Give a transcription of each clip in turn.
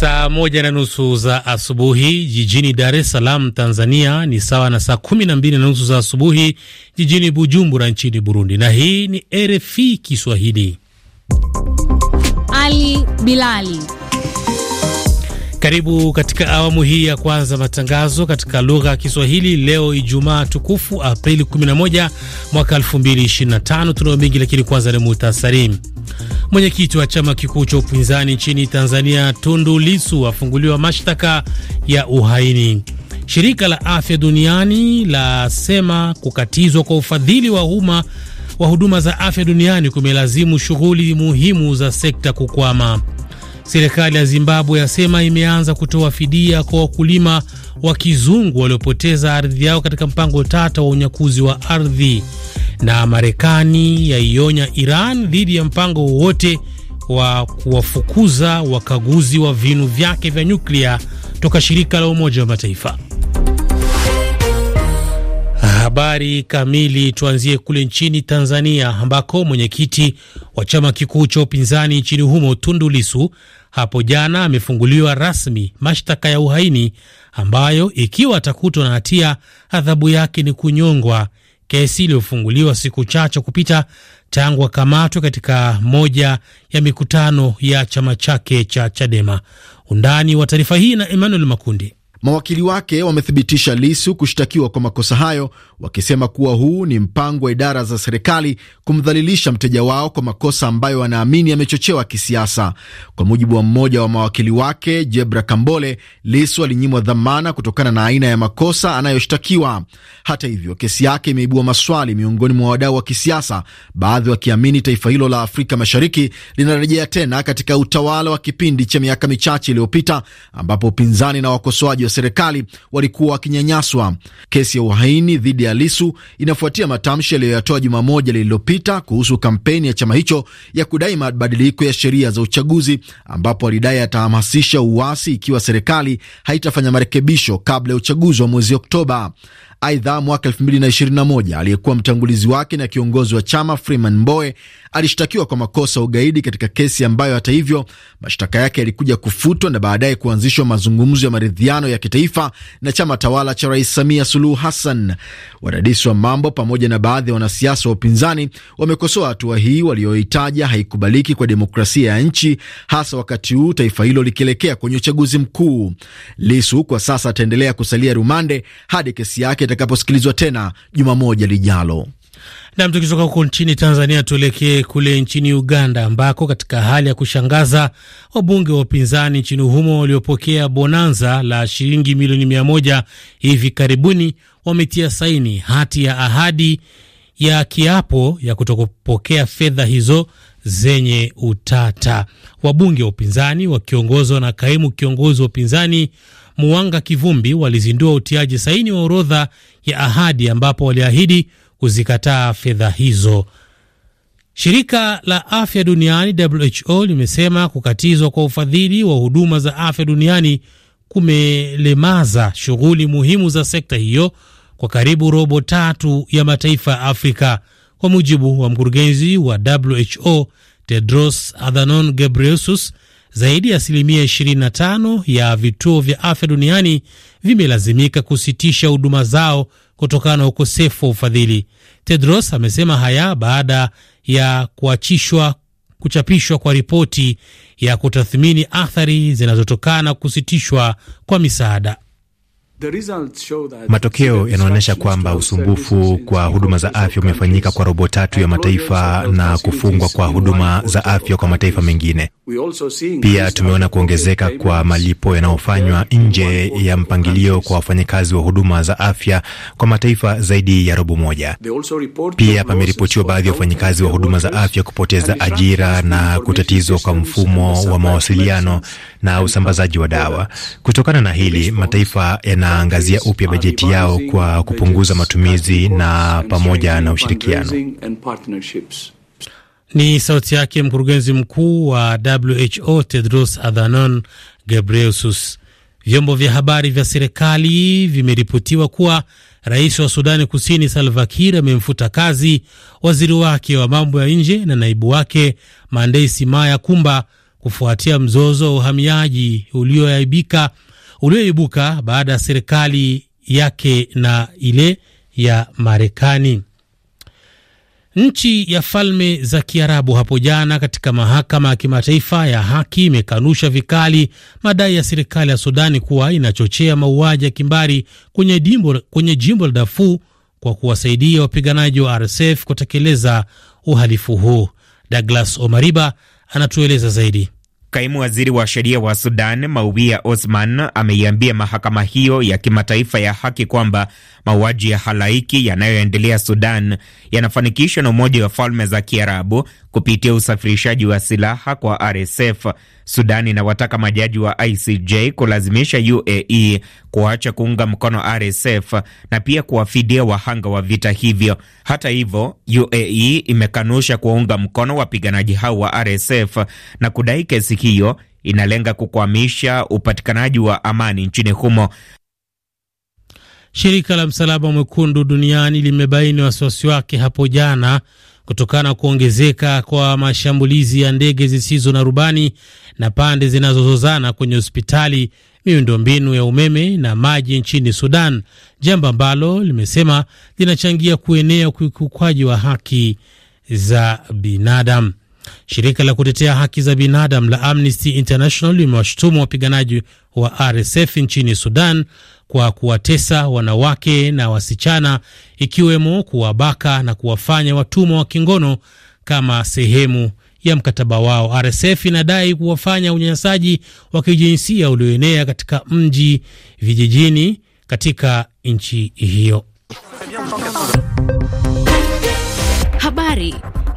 Saa moja na nusu za asubuhi jijini Dar es Salaam, Tanzania, ni sawa na saa kumi na mbili na nusu za asubuhi jijini Bujumbura nchini Burundi. Na hii ni RFI Kiswahili. Ali Bilali, karibu katika awamu hii ya kwanza matangazo katika lugha ya Kiswahili leo Ijumaa tukufu Aprili 11 mwaka 2025. Tunao mingi, lakini kwanza ni muhtasari Mwenyekiti wa chama kikuu cha upinzani nchini Tanzania Tundu Lisu afunguliwa mashtaka ya uhaini. Shirika la Afya Duniani lasema kukatizwa kwa ufadhili wa umma wa huduma za afya duniani kumelazimu shughuli muhimu za sekta kukwama. Serikali ya Zimbabwe yasema imeanza kutoa fidia kwa wakulima wa kizungu waliopoteza ardhi yao katika mpango tata wa unyakuzi wa ardhi na Marekani yaionya Iran dhidi ya mpango wowote wa kuwafukuza wakaguzi wa vinu vyake vya nyuklia toka shirika la Umoja wa Mataifa. Habari kamili. Tuanzie kule nchini Tanzania ambako mwenyekiti wa chama kikuu cha upinzani nchini humo Tundu Lisu hapo jana amefunguliwa rasmi mashtaka ya uhaini ambayo ikiwa atakutwa na hatia adhabu yake ni kunyongwa kesi iliyofunguliwa siku chache kupita tangu akamatwe katika moja ya mikutano ya chama chake cha Chadema. Undani wa taarifa hii na Emmanuel Makundi. Mawakili wake wamethibitisha Lisu kushtakiwa kwa makosa hayo, wakisema kuwa huu ni mpango wa idara za serikali kumdhalilisha mteja wao kwa makosa ambayo wanaamini yamechochewa kisiasa. Kwa mujibu wa mmoja wa mawakili wake, Jebra Kambole, Lisu alinyimwa dhamana kutokana na aina ya makosa anayoshtakiwa. Hata hivyo, kesi yake imeibua maswali miongoni mwa wadau wa kisiasa, baadhi wakiamini taifa hilo la Afrika Mashariki linarejea tena katika utawala wa kipindi cha miaka michache iliyopita ambapo upinzani na wakosoaji ya serikali walikuwa wakinyanyaswa. Kesi ya uhaini dhidi ya Lisu inafuatia matamshi aliyoyatoa juma moja lililopita kuhusu kampeni ya chama hicho ya kudai mabadiliko ya sheria za uchaguzi, ambapo alidai atahamasisha uasi ikiwa serikali haitafanya marekebisho kabla ya uchaguzi wa mwezi Oktoba. Aidha, mwaka 2021 aliyekuwa mtangulizi wake na kiongozi wa chama Freeman Mbowe alishtakiwa kwa makosa ugaidi katika kesi ambayo hata hivyo mashtaka yake yalikuja kufutwa na baadaye kuanzishwa mazungumzo ya maridhiano ya kitaifa na chama tawala cha Rais Samia Suluhu Hassan. Wadadisi wa mambo pamoja na baadhi ya wanasiasa wa upinzani wamekosoa hatua hii walioitaja haikubaliki kwa demokrasia ya nchi, hasa wakati huu taifa hilo likielekea kwenye uchaguzi mkuu. Lisu kwa sasa ataendelea kusalia rumande hadi kesi yake itakaposikilizwa tena juma moja lijalo. Nam, tukitoka huko nchini Tanzania tuelekee kule nchini Uganda, ambako katika hali ya kushangaza wabunge wa upinzani nchini humo waliopokea bonanza la shilingi milioni mia moja hivi karibuni wametia saini hati ya ahadi ya kiapo ya kutokupokea fedha hizo zenye utata. Wabunge wa upinzani wakiongozwa na kaimu kiongozi wa upinzani Muwanga Kivumbi walizindua utiaji saini wa orodha ya ahadi ambapo waliahidi kuzikataa fedha hizo. Shirika la afya duniani WHO limesema kukatizwa kwa ufadhili wa huduma za afya duniani kumelemaza shughuli muhimu za sekta hiyo kwa karibu robo tatu ya mataifa ya Afrika, kwa mujibu wa mkurugenzi wa WHO Tedros Adhanom Ghebreyesus zaidi ya asilimia 25 ya vituo vya afya duniani vimelazimika kusitisha huduma zao kutokana na ukosefu wa ufadhili. Tedros amesema haya baada ya kuachishwa kuchapishwa kwa ripoti ya kutathmini athari zinazotokana kusitishwa kwa misaada. Matokeo yanaonyesha kwamba usumbufu kwa huduma za afya umefanyika kwa robo tatu ya mataifa na kufungwa kwa huduma za afya kwa mataifa mengine. Pia tumeona kuongezeka kwa malipo yanayofanywa nje ya mpangilio kwa wafanyakazi wa huduma za afya kwa mataifa zaidi ya robo moja. Pia pameripotiwa baadhi ya wafanyakazi wa huduma za afya kupoteza ajira na kutatizwa kwa mfumo wa mawasiliano na usambazaji wa dawa. Kutokana na hili, mataifa yanaangazia upya bajeti yao kwa kupunguza matumizi na pamoja na ushirikiano. Ni sauti yake mkurugenzi mkuu wa WHO Tedros Adhanom Ghebreyesus. Vyombo vya habari vya serikali vimeripotiwa kuwa rais wa Sudani Kusini Salva Kiir amemfuta kazi waziri wake wa mambo ya nje na naibu wake Mandei Simaya Kumba kufuatia mzozo wa uhamiaji ulioibuka ulioibuka baada ya serikali yake na ile ya Marekani. Nchi ya Falme za Kiarabu hapo jana katika mahakama ya kimataifa ya haki imekanusha vikali madai ya serikali ya Sudani kuwa inachochea mauaji ya kimbari kwenye, dimbo, kwenye jimbo la Darfur kwa kuwasaidia wapiganaji wa RSF kutekeleza uhalifu huu. Douglas Omariba anatueleza zaidi. Kaimu waziri wa sheria wa Sudan Mauwia Osman ameiambia mahakama hiyo ya kimataifa ya haki kwamba mauaji ya halaiki yanayoendelea Sudan yanafanikishwa na Umoja wa Falme za Kiarabu kupitia usafirishaji wa silaha kwa RSF Sudan inawataka majaji wa ICJ kulazimisha UAE kuacha kuunga mkono RSF na pia kuwafidia wahanga wa vita hivyo. Hata hivyo, UAE imekanusha kuwaunga mkono wapiganaji hao wa RSF na kudai kesi hiyo inalenga kukwamisha upatikanaji wa amani nchini humo. Shirika la Msalaba Mwekundu duniani limebaini wasiwasi wake hapo jana kutokana na kuongezeka kwa mashambulizi ya ndege zisizo na rubani na pande zinazozozana kwenye hospitali, miundombinu ya umeme na maji nchini Sudan, jambo ambalo limesema linachangia kuenea kwa ukiukwaji wa haki za binadamu. Shirika la kutetea haki za binadamu la Amnesty International limewashutumu wapiganaji wa RSF nchini Sudan kwa kuwatesa wanawake na wasichana, ikiwemo kuwabaka na kuwafanya watumwa wa kingono kama sehemu ya mkataba wao. RSF inadai kuwafanya unyanyasaji wa kijinsia ulioenea katika mji vijijini katika nchi hiyo. Habari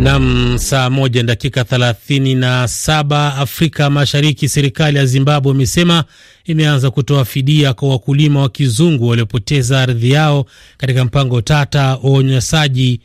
Nam, saa moja dakika thelathini na saba Afrika Mashariki. Serikali ya Zimbabwe imesema imeanza kutoa fidia kwa wakulima wa kizungu waliopoteza ardhi yao katika mpango tata wa unyasaji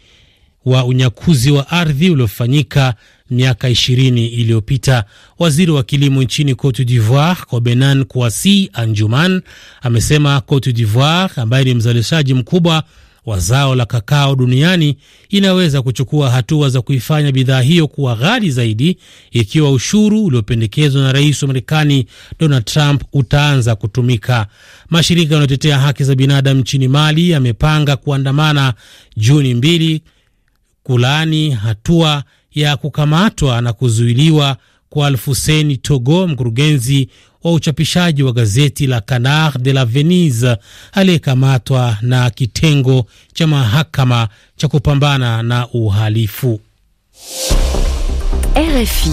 wa unyakuzi wa ardhi uliofanyika miaka ishirini iliyopita. Waziri wa kilimo nchini Cote d'Ivoire kobenan Benan Kwasi Anjuman amesema Cote d'Ivoire ambaye ni mzalishaji mkubwa wa zao la kakao duniani inaweza kuchukua hatua za kuifanya bidhaa hiyo kuwa ghali zaidi ikiwa ushuru uliopendekezwa na rais wa Marekani Donald Trump utaanza kutumika. Mashirika yanayotetea haki za binadamu nchini Mali yamepanga kuandamana Juni mbili kulaani hatua ya kukamatwa na kuzuiliwa kwa Alfuseni Togo, mkurugenzi wa uchapishaji wa gazeti la Canard de la Venise aliyekamatwa na kitengo cha mahakama cha kupambana na uhalifu. RFI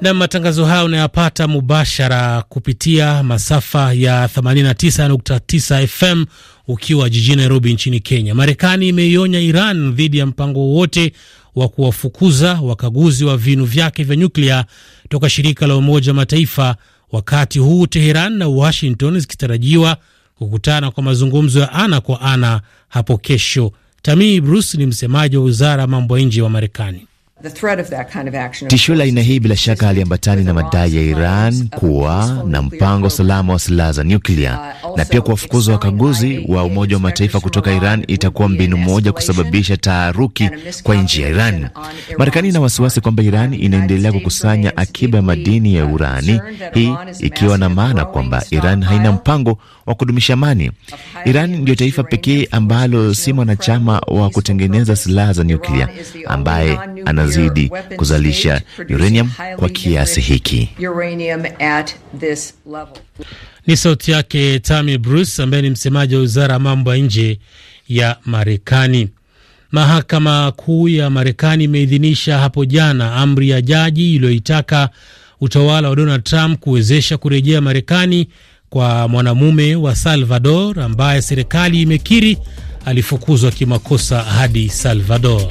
na matangazo hayo unayapata mubashara kupitia masafa ya 89.9 FM ukiwa jijini Nairobi nchini Kenya. Marekani imeionya Iran dhidi ya mpango wowote wa kuwafukuza wakaguzi wa vinu vyake vya nyuklia toka shirika la Umoja wa Mataifa, wakati huu Teheran na Washington zikitarajiwa kukutana kwa mazungumzo ya ana kwa ana hapo kesho. Tamii Bruce ni msemaji wa wizara ya mambo ya nje wa Marekani. Tishio la aina hii bila shaka haliambatani na madai ya Iran kuwa na mpango salama wa silaha za nyuklia, uh, na pia kuwafukuza wakaguzi wa Umoja wa Mataifa kutoka Iran itakuwa mbinu moja kusababisha taharuki kwa nchi ya Iran. Marekani ina wasiwasi kwamba Iran inaendelea kukusanya akiba ya madini ya uh, urani, hii ikiwa na maana kwamba Iran haina mpango wa kudumisha amani. Iran ndio taifa pekee ambalo si mwanachama wa kutengeneza silaha za nyuklia ambaye anazidi kuzalisha uranium kwa kiasi hiki. Ni sauti yake Tammy Bruce ambaye ni msemaji wa wizara ya mambo ya nje ya Marekani. Mahakama Kuu ya Marekani imeidhinisha hapo jana amri ya jaji iliyoitaka utawala wa Donald Trump kuwezesha kurejea Marekani kwa mwanamume wa Salvador ambaye serikali imekiri alifukuzwa kimakosa hadi Salvador.